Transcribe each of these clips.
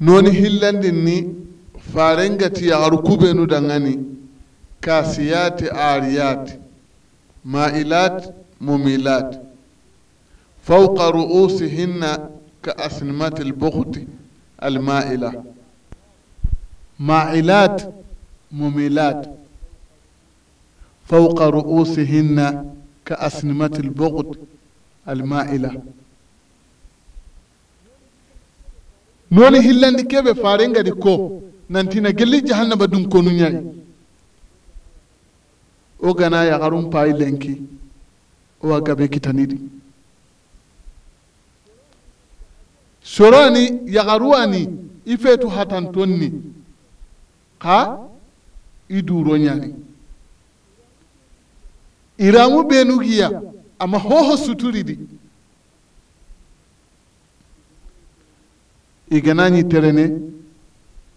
noni hillandin ni farengati yagaru kubenu dangani kasiyati ariyati ma'ilat mumilat fauqa ru'usihinna ka asnimati lbukhti alma'ila ma'ilat mumilat fauqa ru'usihinna ka asnimati lbukhti alma'ila noni hillandi keɓe faare ngadi ko nantina gelli jahannaba dun konu ñayi wo gana yagarum payi lenki owa gabe kitanidi sorani yagaruwani i fetu hatanton ni ka i duro iramu benugiya ama hoho suturidi ni terene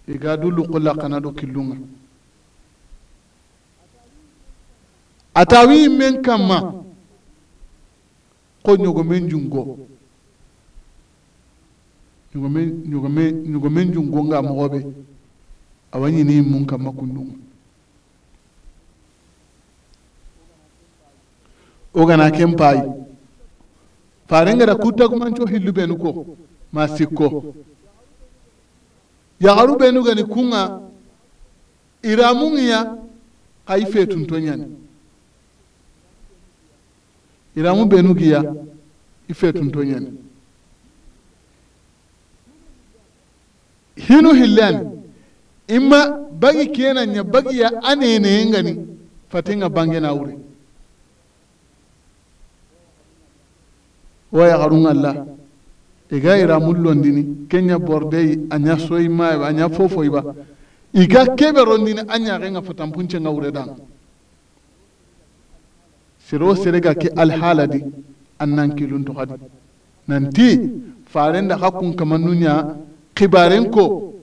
iga du kula kana do killunga atawi men kama ko men jungo ñogome ñogome ñogomen jungonga awani ni mun kama kundunga o gana ken paayi da kutta hillu ɓenu ko ma masiko yagaru benu gani kunga iramungiya ay fetunto ñani iramu benu giya i fetunto ñani hinu hillani imma bagi kena nya bagiya anene ngani fatinga bange na wure waya harun allah iga ira mullondini kenya bordei anya ba anya fofoiba iga keberondini a ɲaxenga fotanpuncenga wuredan sero serega ke alhaladi an nan kilun toxadi nanti faren da xa kun kamannu ɲa xibaren ko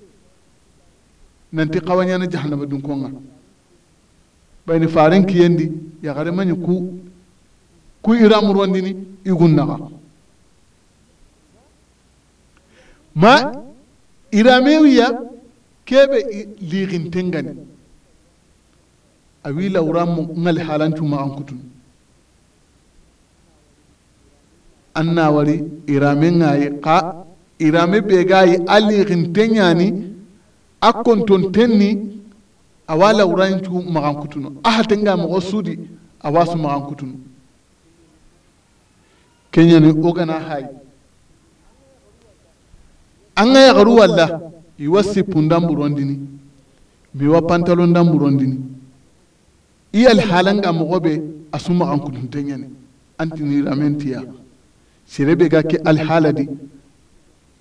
nanti xawaɲana jahannaba dunkonga bayni faren kiyendi yaxaremaɲi ku ku iramurondini igun naxa ma iramewiya keɓe liixintengani a wi lawranmo ngali halancuma an kutun an na wari irame ŋayi xa irame ɓe gayi a liixinteñani a kontonten ni awa lawrancu maxan kutunu a hatenga moxo suudi awa su maxan kutunu keñani wo gana an ga yagaru walla iwa sippundan burondini pantalon pantalondan burondini i alhalanga mogo be a an kutunte ɲene antiniramen tiya sirebe ga ke al di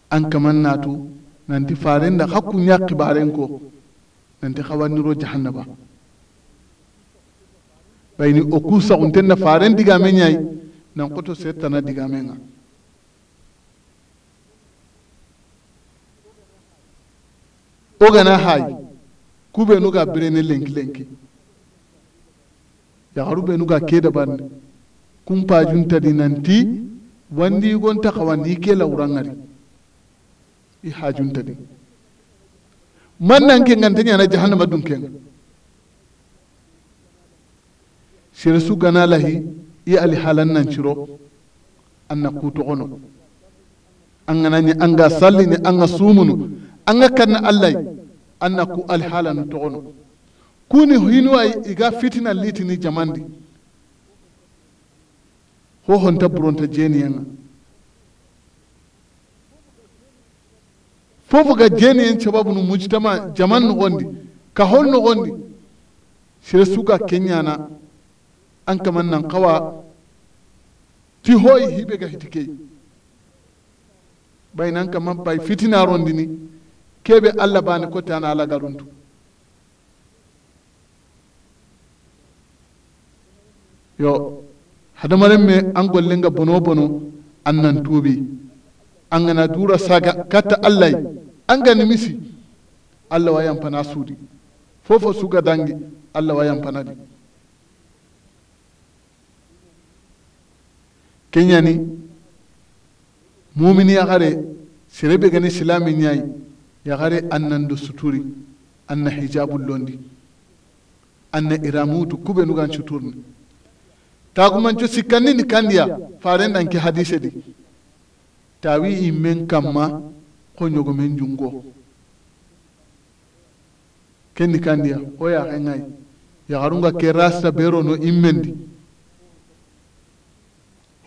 an kaman natu nanti faren da hakku nya kibaren ko nanti ro jahannaba bayni o ku saxunten faren digame ɲayi nan koto settana digame ŋa o kana hayi k'u bɛ n'u ka bere nuga ke da bɛ kun ka ke dinanti wandi gon ta kawandi i la urangari i din man nan ke ngante ñana jahannama dun kenga su gana lahi i ali halan nan ciro an na ku togono an gana an ga salli ni an ga sumunu an ga kan Allah an na ku alhalan togono kuni i iga fitina litini jamandi ho honta buronta jeniya fofu ga jeniyen sababu nu mujtama jaman nogondi ka hol nogondi sire suka na an kaman nan kawa ti hoyi hibe ga hitikei nan kaman bay fitina rondini keɓe allah bani kotte an ala garuntu yo hadamaren me an gollinga bono bono an nan tuubi an gana dura saga katta allah an gani misi allah wa yampana suudi fofo suga dangi allah wa yampanadi keñani mumini yakare serebe gani silami ñayi yagare da suturi anna hijabul londi anna iramutu kube nugan cuturni tagumanco ni kandiya farendan ke hadise di tawi immen kamma ko min jungo kenni kandiya o yaxe ŋayi yaxarunga ke rasta berono immendi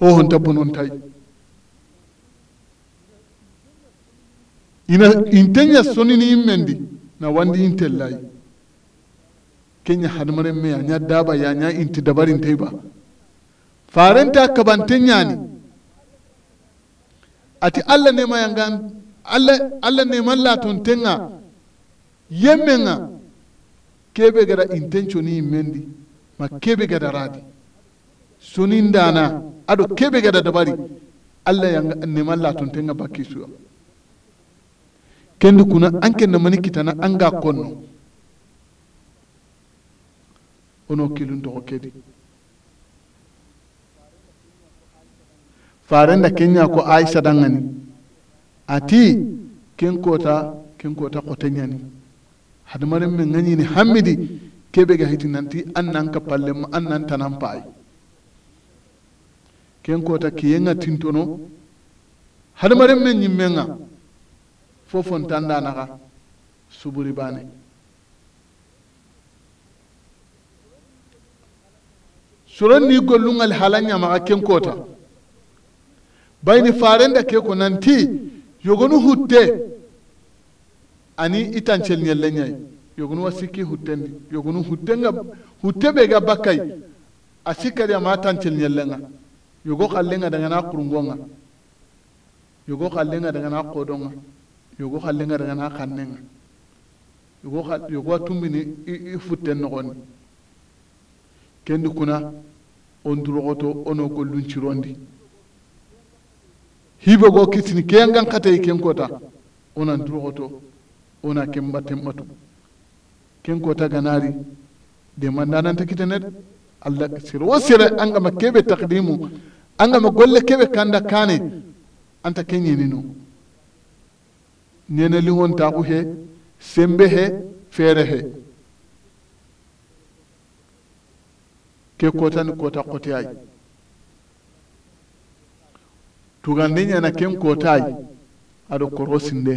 ta yi. ina intenya ni mendi na wandi intellayi kenya hadmaren me anya daba ya anya inti dabarin ba farenta kabantenya ni ati alla ne mayangan alla alla ne mallatun tenga yemenga kebe gada intention ni mendi ma kebe gada radi sunindana ado kebe gada dabari alla yanga ne mallatun tenga bakisuya kendi kuna an kenna mani kitana an ga konno ono kilun di. kedi da kenya ko aisha dangani ati ken kota ken kota xoteñani hadamaren men ŋañini hammidi kebe ga hiti nanti an nan ka mu an nan tanan paayi ken kota kiyenga tintono hadamaren men ñimmen ŋa fo fontanda naxa suburi bane soron ni gollungal hala ñamaxa ken kota bayni da ke ko nanti yogonu hutte ani itancel ñelle ñayi yogonu wa sikki huttendi yogonu nga hutte be ga bakkay a sikkadi ama tancel ñellenga yogo xallenga dangana qurungonga yogo xallenga dangana qoɗonga yogo xallenga dagana xannenga yogo yogowa tumbini i futten noxondi kendi kuna on duroxoto ono golluncirondi hibe go kitini ke ngan xatay ken kota onan duroxoto ona ken batten batu ken kota ganari demandananta kitenet allah sire wo sire angama keɓe takdimu angama golle keɓe kanda kane anta keñenino nena liŋon taku he sembe he feere he ke kotani kota koteyayi tugandi ñana ken kotayi aɗo koro sinde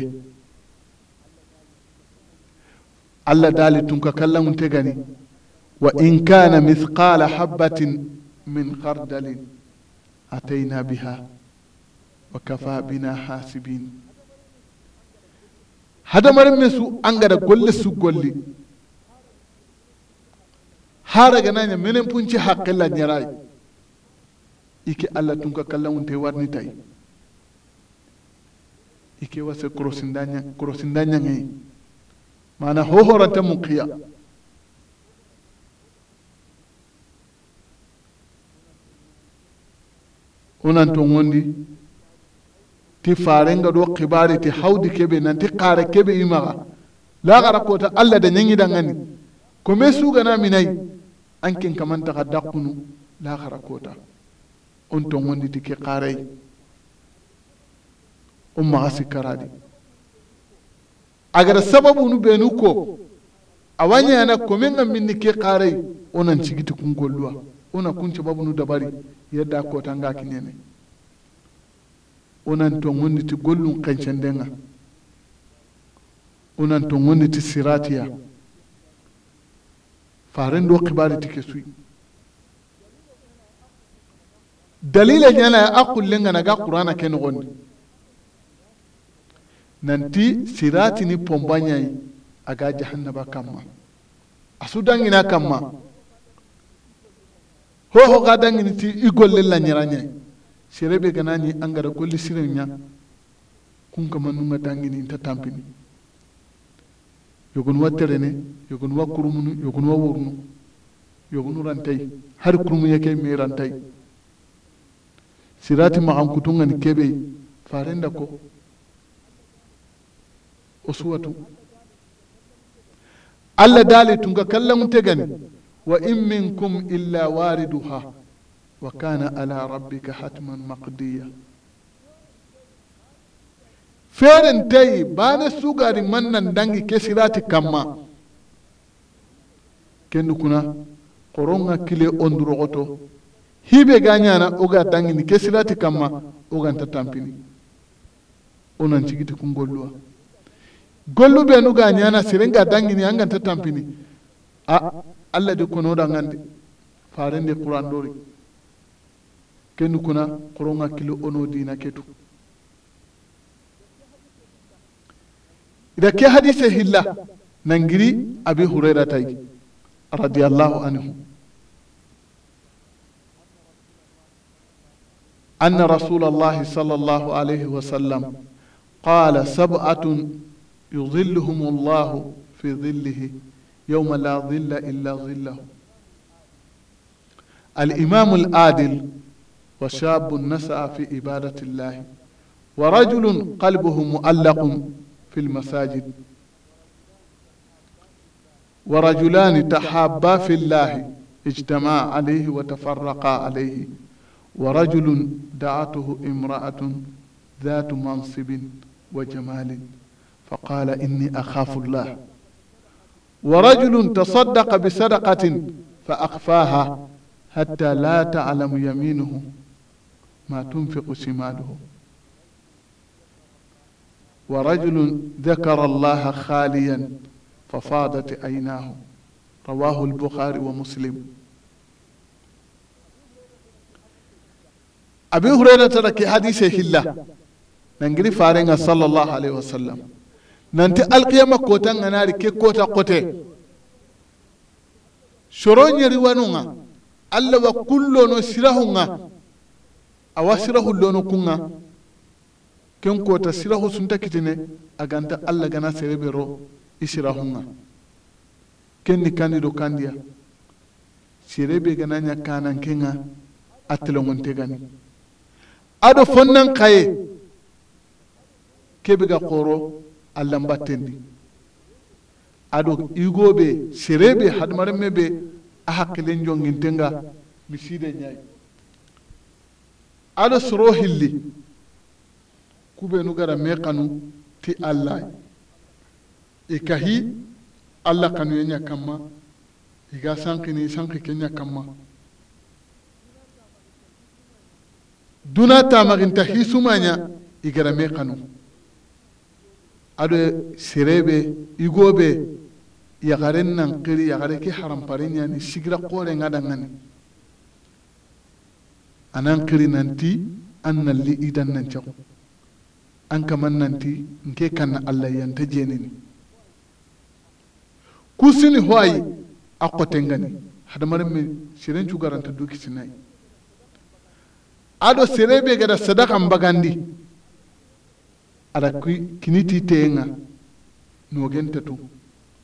allah dali tun ka kallangunte gani wa in kana mithqala habatin min khardalin atayna biha wa kafa bina hasibin hadamaren me su angada golle su golli haraganaña menen punci haqqilla rai ike allah tun ka kallawunte tai ike crossing danya ne mana hohoranta mun muqiya onan to gondi ti farenga do kibari ti hawdi kebe nanti kare kebe imaga lagara kota allah da ñañidangani kome na minai an ken kamantaxa dakkunu lagara kota on tongondi ti ke xareyi on maxa sababu agara sababunu benu ko awa ñana komen ga minni ke xareyi onan cigiti kunkoluwa ona kun nu dabari yedda kota nga kinene onan tongondi ti gollun kencendenga onan tongondi ti siratiya faren do kibari ti ke suyi dalila ñana a lenga naga qur'ana ken nogondi nanti sirati ni pombañayi aga jahannaba kamma a su dangina kamma hoho ga dangini ti i golle lañirañayi serebe ganani angara golli siren ña kunkama nunga dangini inta tampini yogonuwa ne yogonuwa kurumunu yogonuwa worunu yogun rantai har kurumuye ke me rantai sirati kebe kebei farenda ko o suwatu allah dali tunga kallanŋunte tegani wa in minkum illa wariduha wa kana ala rabbika hatman maqdiya feren ba bane sugari mannan dangi ke sirati kamma kendu kuna koronga kile ondurogoto hibe ga ñana oga tangini ke sirati kamma ta tampini onan cigiti kun golluwa gollu be nu ga ñana sirenga dangini ta tampini a allah de konoda ngandi de qur'an dori kendu kuna koronga kilo ono dina ketu ida ke hadise hilla nangiri abi hurera tay radiyallahu anhu أن رسول الله صلى الله عليه وسلم قال سبعة يظلهم الله في ظله يوم لا ظل إلا ظله الإمام العادل وشاب نسعى في عبادة الله ورجل قلبه مؤلق في المساجد ورجلان تحابا في الله اجتمعا عليه وتفرقا عليه ورجل دعته امرأة ذات منصب وجمال فقال إني أخاف الله ورجل تصدق بصدقة فأخفاها حتى لا تعلم يمينه ما تنفق شماله ورجل ذكر الله خاليا ففاضت عيناه رواه البخاري ومسلم أبي هريرة ترك حديث هلا ننجري فارنغ صلى الله عليه وسلم ننتي القيامة كوتا ناري كي كوتا قوتي شرون يريوانونا ألا وكلنا سرهنا awa sirahu lonu kunga ken kota sirahu sunta kitine aganta allah gana serebero i sirahunga ken ni kandi do kandiya serebe gana nya kanan kenga a te gani ado fonnan kaye kebe ga koro allanbattendi ado igobe serebe hadmaremme be a hakkilen jongintenga de ɲayi ala soro hilli kuɓenu gara me kanu ti yi i kahi allah kanuye ña kamma iga sankini sanki ke ña kamma duna tamaginta hisumaña i gara me kanu ado serebe be yagaren nankiri yagare ke harampare ñani sigira koore ŋadangani anan kiri nan ti an li idan nan can an kaman nanti nke na allah yan ta yanta ku sini hoayi a koten gani hadamarin mai shirin shugaranta duki sinayi ado serebe gada sadakan bagandi ada kiniti a nogentatu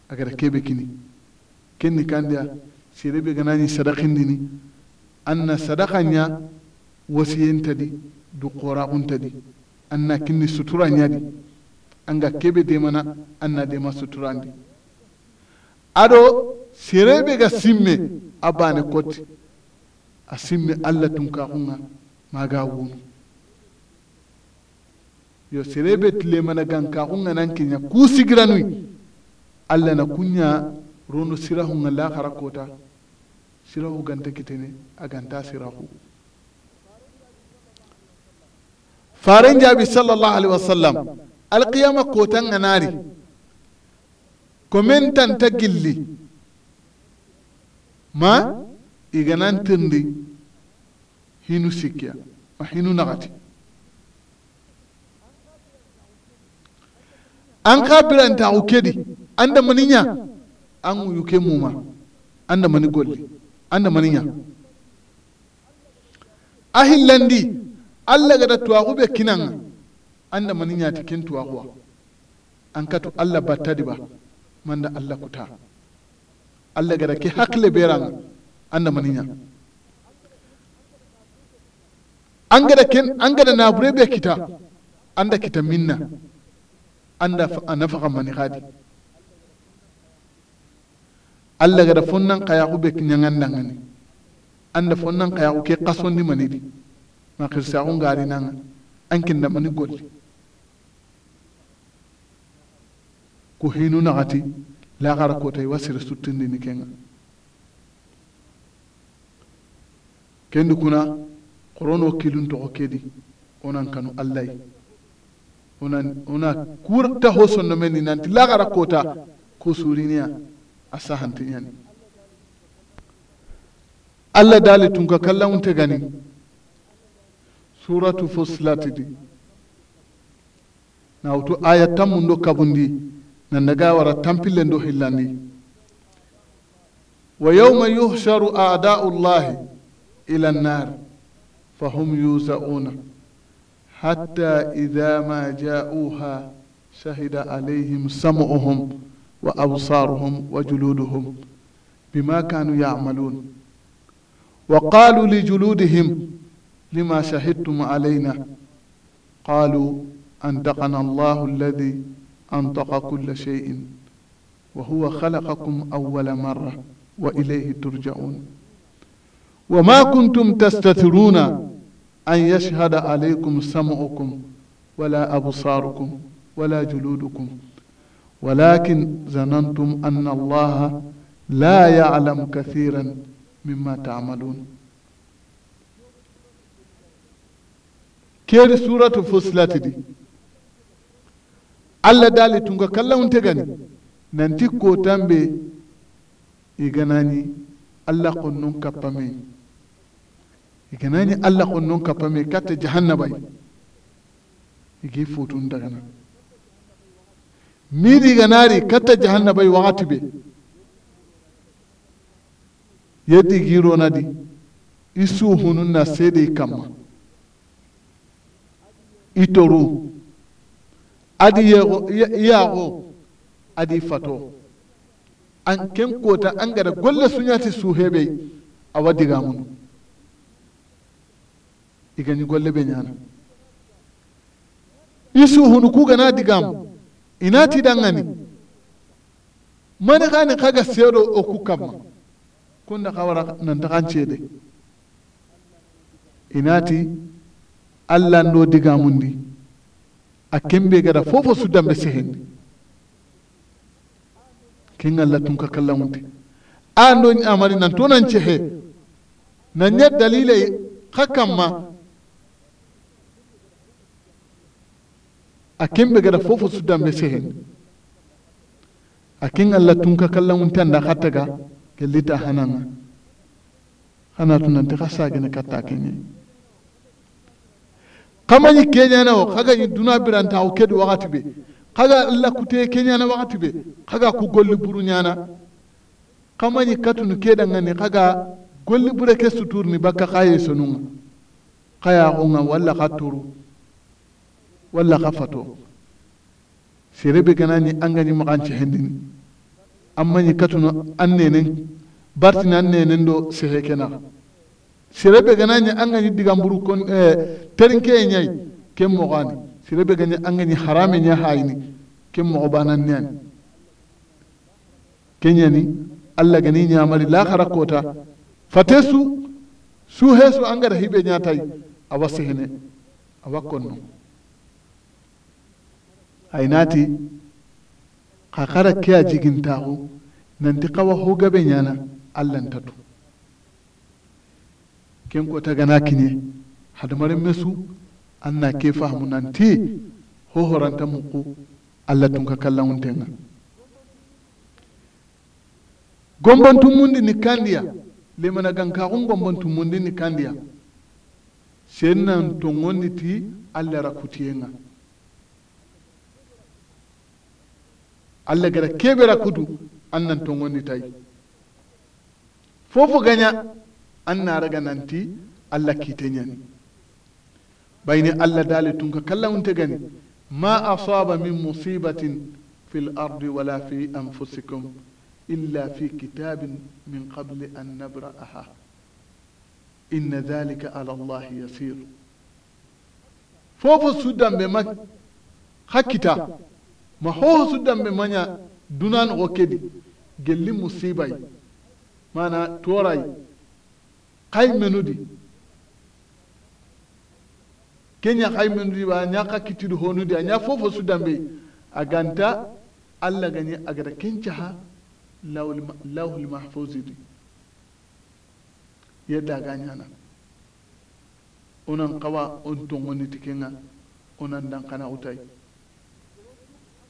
agada kebe kini kini kenni kandiya serebe an na anna sadakanya wasiyen tadi du ta tadi an na kini sutura di, an ga kebe mana an na sutura suturandi ado be ga simme abane bane koti a simme allah ma ga wunu yo gan ka gankaxunga nan kiɲa ku sigiranui allah na kunya rono sirahu ngala kharakota sirahu ganta kitene a ganta sirahu Farin jabi sallallahu alaihi wasallam alqiyama kotan anari komentan ta gilli ma iganan tindi hinu sikya ma hinu nagati an ka uke di. an maninya? an wuyu ke muma an mani golli an maninya. Ahilandi. allah gada tuwaku be an da mani ñati ken tuwakuwa an katu allah battadi ba da allah kuta allah gada ke hakkile an da mani ña an gada kin an gada na bure be kita an da kita minna da a nafaka mani hadi allah gada fonnan kayaku be an da fonnan kayaku ke kasondi manidi na kirsaxun gaari nanga an ken damani golli ku hinu naxati laxara kota iwa sere suttindini kenga kendi kuna xorono kilun toxo kedi onan kanu allahy ona ona kurta ho ni nanti laxara kota ko asa a sahantiñani allah dali tun ka kallawunte gani suratu fusilat di nawtu aya tammun do kabundi nandaga wara tampillen do hillani wa yawma yuhsharu adau llahi ila nnar fahum yuzauna hatta ida ma jauha shahida alaihim samuhum wa absaruhum wa juluduhum bima kanu yamalun wa qalu li juludihim لما شهدتم علينا قالوا أنطقنا الله الذي أنطق كل شيء وهو خلقكم أول مرة وإليه ترجعون وما كنتم تستثرون أن يشهد عليكم سمعكم ولا أبصاركم ولا جلودكم ولكن ظننتم أن الله لا يعلم كثيرا مما تعملون keri suratu di allah dali tunga ta gani nanti kotan be iganani allah konnun kappame iganani allah konnun kappame katta jahannabayi igi futun dagana midi ganari katta wa wakati be yeddi i isu hunun na seedei kamma itoru adi yago adi fato an ken kota an gara golle suñati suheɓey awa digamunu igañi golle ɓe ñana i suhunu kugana digamu ti dangani mani xani xaga seeɗo o ku kamma kunda xa wara nantaxan ceede ti. allah ndo digamundi a kembe gada fofo su dambe sehendi ken allah tun ka kallamunte an do amari nan to nan cehe nan ya dalila hakan ma a kembe gada fofo su dambe sehendi a ken allah tun ka kallamunte anda hattaga gellita hananga hana tunanti ha sagene katta kenñeyi kamañi kenya o kaga i duna biranta o kedu wakati be xaga lakute na wakati be kaga ku golli buru ñana xamañi katunu ngani kaga golli bure ke suturni ni baka ye sonunga kaya yaxonga walla xa turu walla xa fato serebe ganani angañi maxan cehendini an mañi katunu an nenen bartini an nenen do sexe kenaxa sirebe gana serebe ganagni angani digamburu kon eh, terinke ñayi sirebe gana serebe gani angani harame ña hayini ken moxo bananni ani ni allah gani ñamari lahara kota fate su su heeso angara hiɓe ñatayi awa sehene awa konno ay naati xa xara ke a jigintaxu nanti xawa hogaɓe ñana allahnta tu ken ko ta gana kine hadamaren mesu anna ke fahimu fahamu nanti hohoranta muku allah tun ka kallawuntenga gombantu mundi ni kandiya lemana gankaxun gombantu mundi ni kandiya sen nan tongondi ti allah rakutiyenga allah gara keɓe kutu an nan tongondi tayi fofo gaña an na raga nanti allah ki ta kite bai ne allah dalitun tun ka kallawunte gani ma a asaba min musibatin fil ardi wala fi anfusikum illa fi kitabin min qabli an nabra aha inna dhalika ala allahi yasir fofo dambe ma hakita ma hoho suddanɓe maña dunan okedi gelli musibai mana torai kay menudi kenya kay menudi wa nya ka kitidu honudi nya fofo su dambe aganta alla gani agada kenca ha lawul mahfuzidi yadda ganya na unan kawa untun wani tikin unan dan kana utai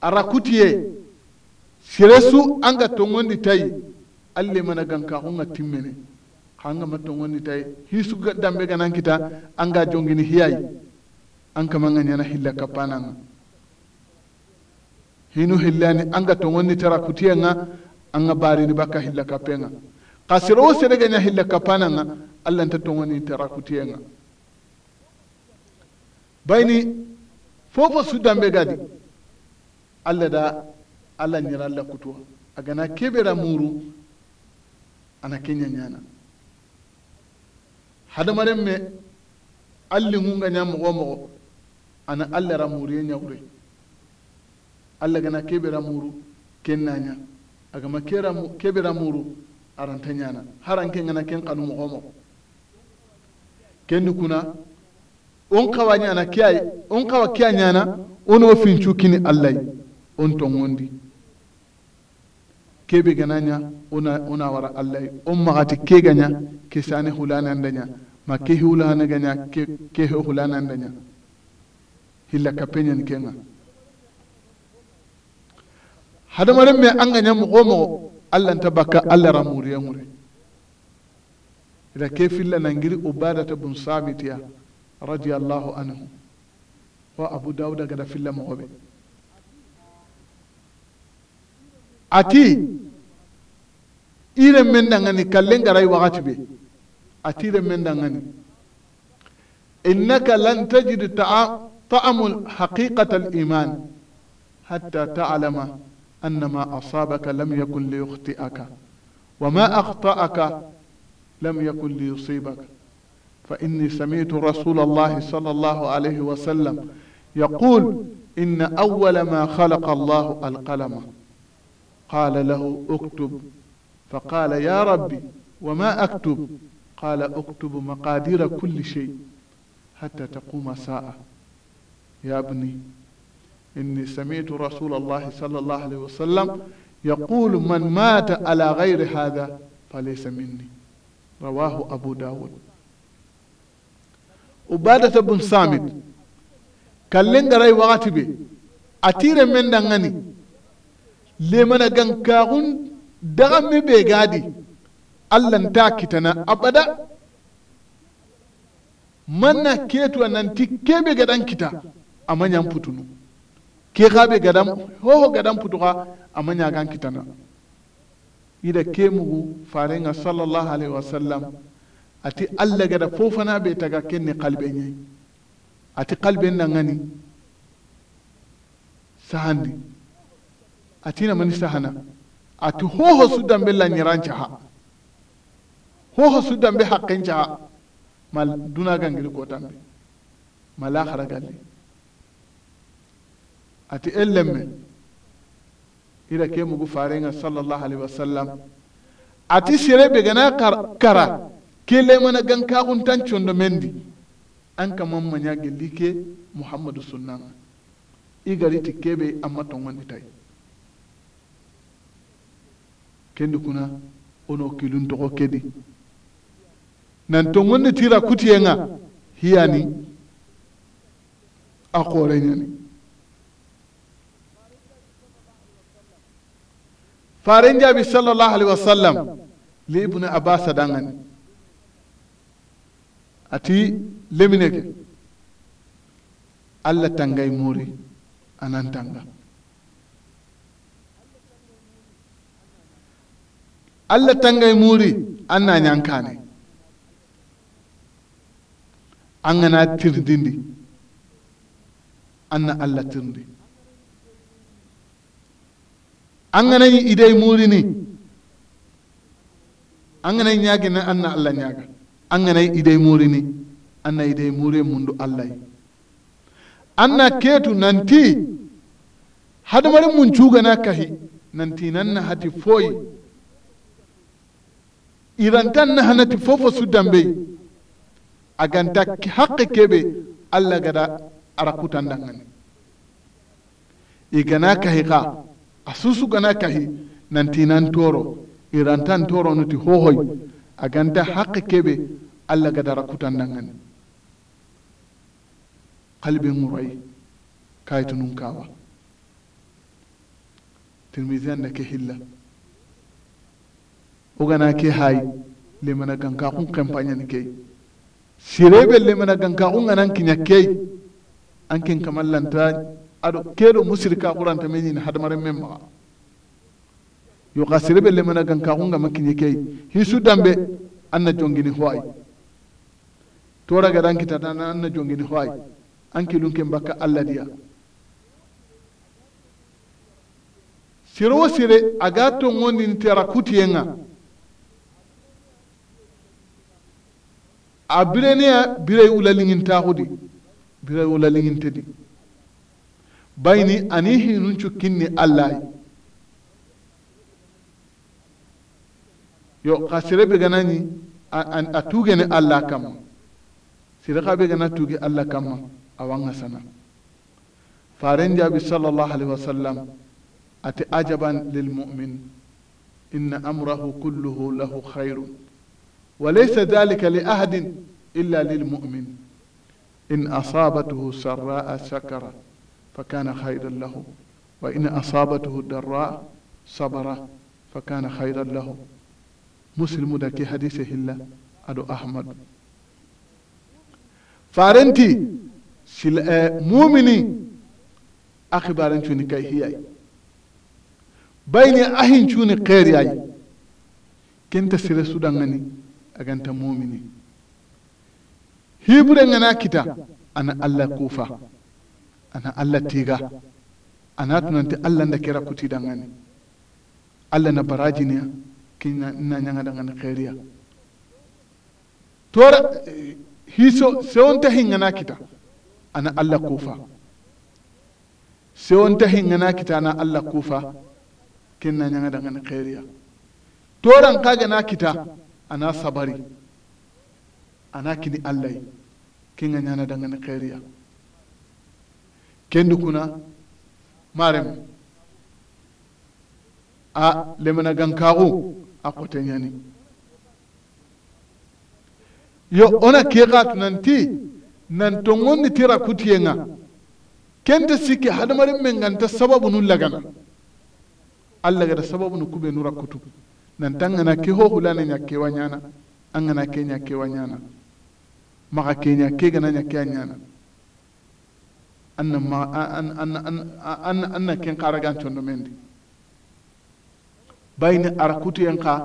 arakutiye siresu an ga tungundi tai alle mana ka hunga timmene anga mattongonni tay ga dambe nan kita anga jongini hiyay an kamanga ñana hilla kappananga hinu hillani anga wani tara kutiyanga anga baka bakka hilla kappenga ka sere ga serege ña hilla kappananga allah nta wani tara kutiyenga bayni fofo su dambe gadi allah da allah ñira allah kutuwa a gana keɓera muru ana kenya nyana hadamaren me alli hunga nya mogo mɔgɔ ana alla ramuru ye ñawre alla gana kebe ramuru ken na ɲa agama kebe ramuru aranta ñana haranke gana ken kanu mogo mogo kendi kuna on kawa ñana ke ay on kawa ke a ñana ono fincu kini allay on tongondi kebe gananya una una wara allah umma magati ke ganya ke sane hulana ndanya ma ke hulana ganya ke ke hulana ndanya hilla ni kenga hadamaren me an ganya mugo mugo allah tabaka baka allah ramuri ya muri ila ke filla nangiri ubadata bun sabitiya radiyallahu anhu wa abu dauda gada filla mugo be ati ire men dangani kallen garai wakati be ati ire men dangani innaka lan tajid ta'amu haqiqat al-iman hatta ta'lama anna ma asabaka lam yakun li liyukhti'aka wa ma akhta'aka lam yakun li liyusibaka فإني سمعت رسول الله صلى الله عليه وسلم يقول إن أول ما خلق الله القلم قال له اكتب فقال يا ربي وما اكتب قال اكتب مقادير كل شيء حتى تقوم ساعه يا ابني اني سمعت رسول الله صلى الله عليه وسلم يقول من مات على غير هذا فليس مني رواه ابو داود عباده بن صامت كلن غري وقت به اتير من دغني lemana gan kaxun daxanme gadi gaadi ta kitana abada manna ketu a nanti keɓe gadan kita ama ñan putunu ke xaɓe gadan hoho gaɗan a ama gan kitana ida ke mugu farenga sallallahu alaihi wasallam ati allah gada fofana bai taga kenne xalɓe ñayi ati nan gani sahandi a tina mani sahana a ti hoho su dambe lanyiran ha hoho su dambe haqqenca ha ma duna gangiri ko tambe ma lahara a ti en lemme ira ke mugu farenga sallallahu alaihi wasallam ati sirebe gana kara ke lemana ganka tan condo mendi an kaman manya gelli muhammadu sunan igari ti kebe amma tongon tai kendi kuna ono kilun togo kedi nan ngonni tira kutiyenga hiyani a koreñani faren jabi sallallahu alaihi wasallam li ibn abbas dangani ati lemineke alla allah tangay muri anan tanga alla tangay muri anna nyankane angana tirdindi anna alla tirndi anganayi yi murini na an anna allah ñaga anganayi idey na anna idai muri mundu An anna ketu nanti hadamari mun cuga na kahi nanti nan na hati foyi irantan nahanati fofo su a ganta haqqe kebe allah gada dangane i gana kahi ka a susu gana kahi nantinan toro irantan toro nuti a ganta haqqe kebe allah gada arakutandangani murai ŋurayi tunun kawa tirmisi da na ke hilla ogana ke hay lemana ganka kun kampanya ni kei sirebe lemana ganka kun anan kinya kei an ken kamallanta ado kedo musirka quranta men ni hadmaren men ma yo ka sirebe lemana ganka kun ga makinye kei hisu dambe anna jongini hoai tora ga ta dana anna jongini hoy an kilun ken bakka allah diya sire wo sire a ga tongondini tera kutiyen a bireniya birey ulalingintaxudi birey ulalingintedi bayni ani hinuncu kinni allayi yo xa serebe ganañi a ni allah kamma sere xa be gana tuge allah kamma awanga sana faren jaabi salallahu alaihi wasallam ate ajaban lilmumin inna amrahu kulluhu lahu khayrun وليس ذلك لأحد إلا للمؤمن إن أصابته سراء شكر فكان خيرا له وإن أصابته ضراء صبر فكان خيرا له مسلم دكي حديثه الله أدو أحمد فارنتي سل مؤمني أخبارن شوني كي هي بين أهين شوني قير كنت سيرسو دنغني aganta mumini hibre yana kita ana allah kufa ana allah tiga ana tunanta allah kuti kera ngani allah na barajiniya kina na ñagadangani xeeriya tora hiso hin yana kita ana allah kufa hin yana kita ana allah kufa kinna ñagadangani xeeriya toran na kita ana sabari ana kini kin ganya na dangane xeeriya kendu kuna marem a lemana gankaxu a xote ñani yo ona ke nan ti nan tongondi tira kutiyenga kenta sike hadamarin men ganta sababu nu lagana allah da sababu nu kube nura kutu nan tan ngana ke ho na nya ke wanyana an ngana ke nya ke wanyana maka ke nya ke gana nya ke anyana anna ma an na an anna ken karagan chondo mendi bayni arakutu yanka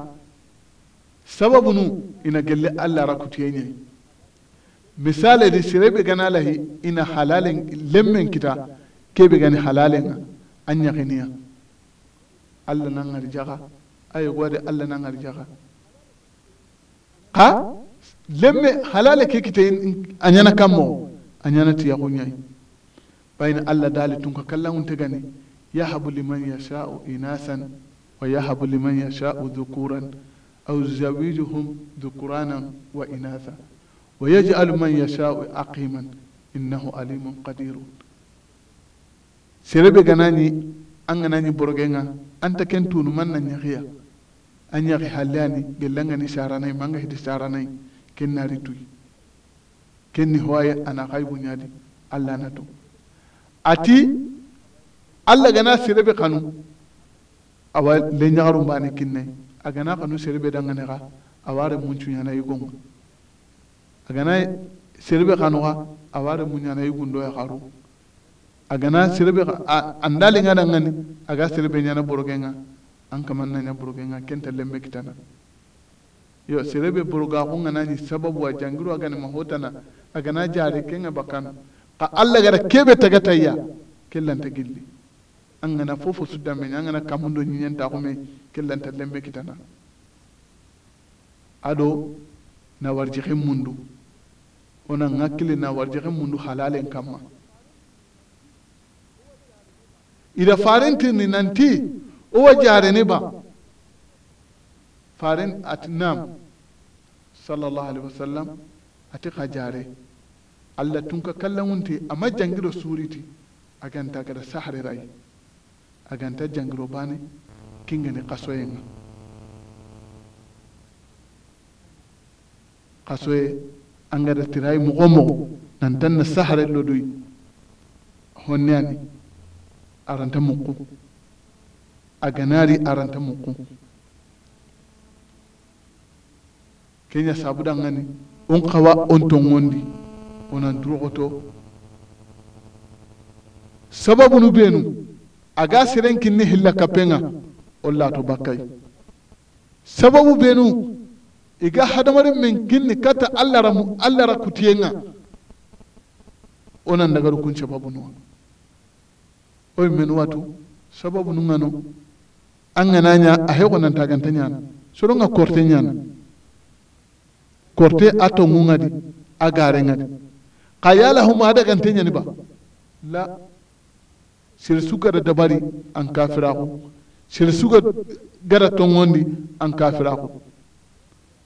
sababunu ina gelle allah arakutu yenye misali di sirebe gana lahi ina halalen lemmen kita kebe gani halalen an yakiniya allah nan arjaga ay gwade allah nan harja ha lemme halala ke kite anyana kammo anyana tiya kunyai bayna allah dali tun ka kallan unta gani yahabu liman yasha'u inasan wa yahabu liman yasha'u dhukuran aw zawijuhum dhukuranan wa inasa wa yaj'alu man yasha'u aqiman innahu alimun qadirun serebe ganani an ganani borgenga anta ken tunu man na nyaxiya anyaki hallani gellangani saranayi manga hiti saranayi ken nari tuyi ken ni howaye ana haybu nyadi allah na to ati allah gana serebe kanu awa le ñagaru mbane kinnayi a gana kanu serebe dangane xa aware muncuñana yigonga a gana serebe kanuxa aware muñana yigundoye xaru a gana andali andalingana ngani aga serebe nyana borogenga an kaman nanya buruge nga kenta lembe kitana yo serebe buruga ko ngana ni sababu a jangiru aga ni mahotana aga na jare kenga bakana ka alla gara kebe tagataya kellanta gilli an gana fofo su dame ni, an gana kamundo ñiñenta kume kellanta lembe kitana ado na warjexe mundu ona ŋakkile na warjexe mundu halalen kamma ida farentirni nanti uwa ni ba faren atinam sallallahu alaihi wasallam ati ka jare allah tun ka kallon wunte amma jangiro suriti a ganta kada sahari rai a ganta jangiro bane kingani kasoyen kasoye an gada tirai mogo mogo nan tan na sahari lodoyi honne ani aranta muku a a aranta muku kenya sabudan ngani un kawa on tongondi unan durogoto sababu nu benu gasiren siren ne hilla kapenga olla to bakai sababu benu iga hadamarin min ne kata allara mu allara kutiyenga onan daga rukun sababu nu oy menu watu sababu nu ngano an gana nya a he nan ta ganta nya soro nga korte nya korte ato a di agare nga di kayala huma da ganta nya ni ba la sir suka da dabari an kafira ko sir suka gara tongondi an kafira ko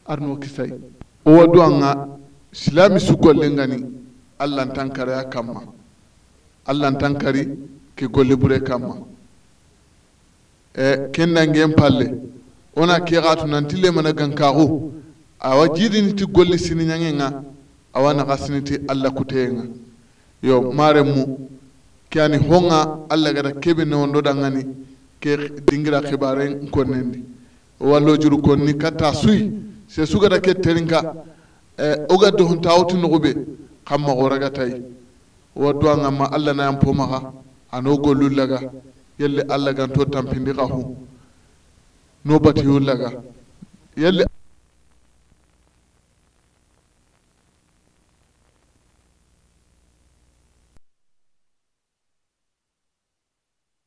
arno kisai o wadu an ga silami su golle ngani allan tan kare ma allan tankari ke golle bure ma. Eh, kendangeen palle una ke gan nanti lemana gankaxu awa jiidiniti golli siniñangenga awa naxa siniti allah kuteyenga yo mare mu ke ani honga alla gada kebe dangani ke dingira xibaren konnendi wallo juru konni katta suyi se sugada ke terinka eh, oga dohontawoti noxube xam maxoragatayi wo nga ma allah nayan pomaxa ano gollu laga yalli allah ganto to tampindi ka hu nobati yullaga yalli